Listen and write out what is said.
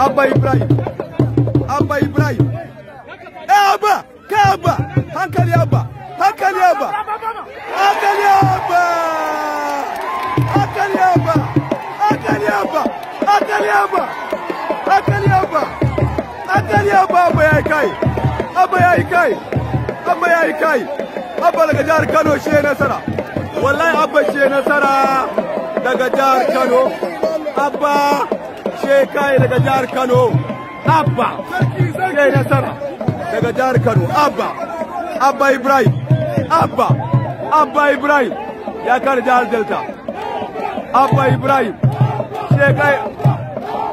Abba Ibrahim Abba Ibrahim eh Abba ke Abba hankali Abba hankali Abba hankali Abba hankali Abba hankali Abba hankali Abba hankali Abba hankali Abba Abba ya kai Abba ya kai Abba ya kai Abba daga jihar Kano shi nasara wallahi Abba shi nasara daga jihar Kano Abba shekai daga jihar kano abba ke nasara daga jihar kano abba abba ibrahim abba abba ibrahim ya kare jihar delta abba ibrahim shekai